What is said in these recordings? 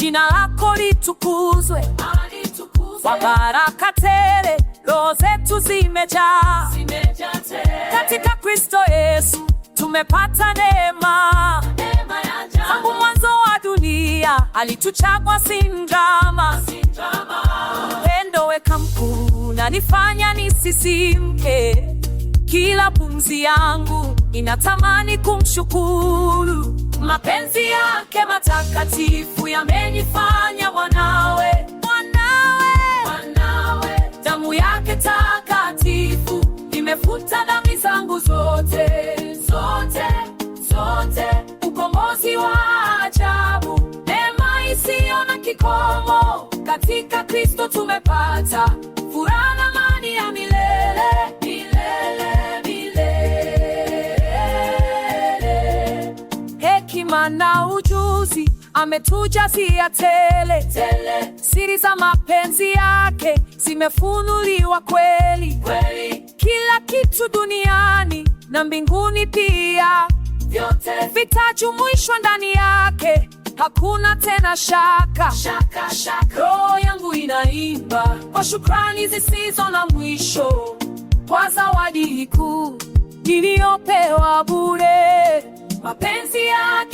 Jina lako litukuzwe, kwa baraka tele, roho zetu zimejaa zimeja katika Kristo Yesu tumepata neema. Tangu mwanzo wa dunia alituchagua, si njama. Upendo weka mkuu na nifanya nisisimke, kila pumzi yangu inatamani kumshukuru Mapenzi yake matakatifu yamenifanya mwanawe, mwanawe, mwanawe. Damu yake takatifu imefuta dhambi zangu zote, zote, zote. Ukombozi wa ajabu, neema isiyo na kikomo, katika Kristo tumepata furaha hekima na ujuzi, ametujazia tele tele. Siri za mapenzi yake zimefunuliwa kweli kweli. Kila kitu duniani na mbinguni pia, vyote vitajumuishwa ndani yake, hakuna tena shaka shaka shaka. Roho yangu inaimba kwa shukrani zisizo na mwisho kwa zawadi kuu niliyopewa bure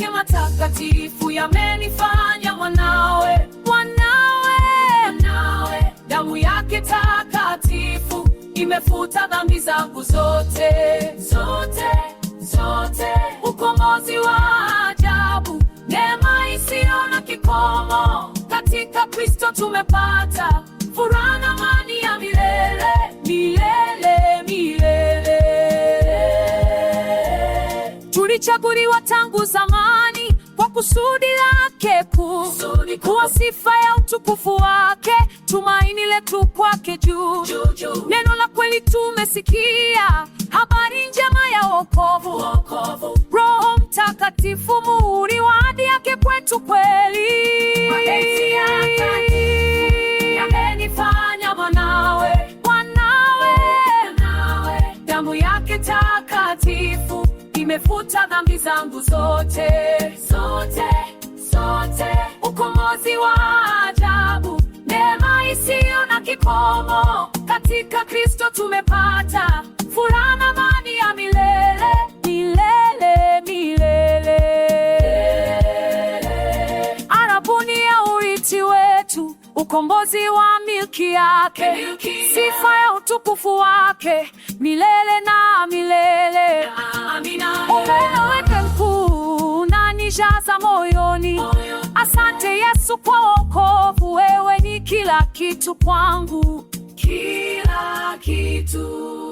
yake matakatifu yamenifanya mwanawe, mwanawe, mwanawe. Damu yake takatifu imefuta dhambi zangu zote, zote, zote. Ukombozi wa ajabu, neema isiyo na kikomo, katika Kristo tumepata furaha na amani ya milele milele. Tulichaguliwa tangu zamani kwa kusudi lake kuu, kuwa sifa ya utukufu wake, tumaini letu kwake juu. Neno la kweli tumesikia, habari njema ya wokovu. Roho Mtakatifu muhuri wa ahadi yake kwetu kweli. takatifu Nimefuta dhambi zangu zote, zote, zote. Ukombozi wa ajabu, neema isiyo na kikomo, katika Kristo tumepata furaha na amani ya milele milele milele. Arabuni ya urithi wetu, ukombozi wa milki yake, sifa ya utukufu wake milele na milele. Amina umeweka mkuu, unanijaza moyoni. Asante Yesu kwa wokovu, wewe ni kila kitu kwangu, kila kitu.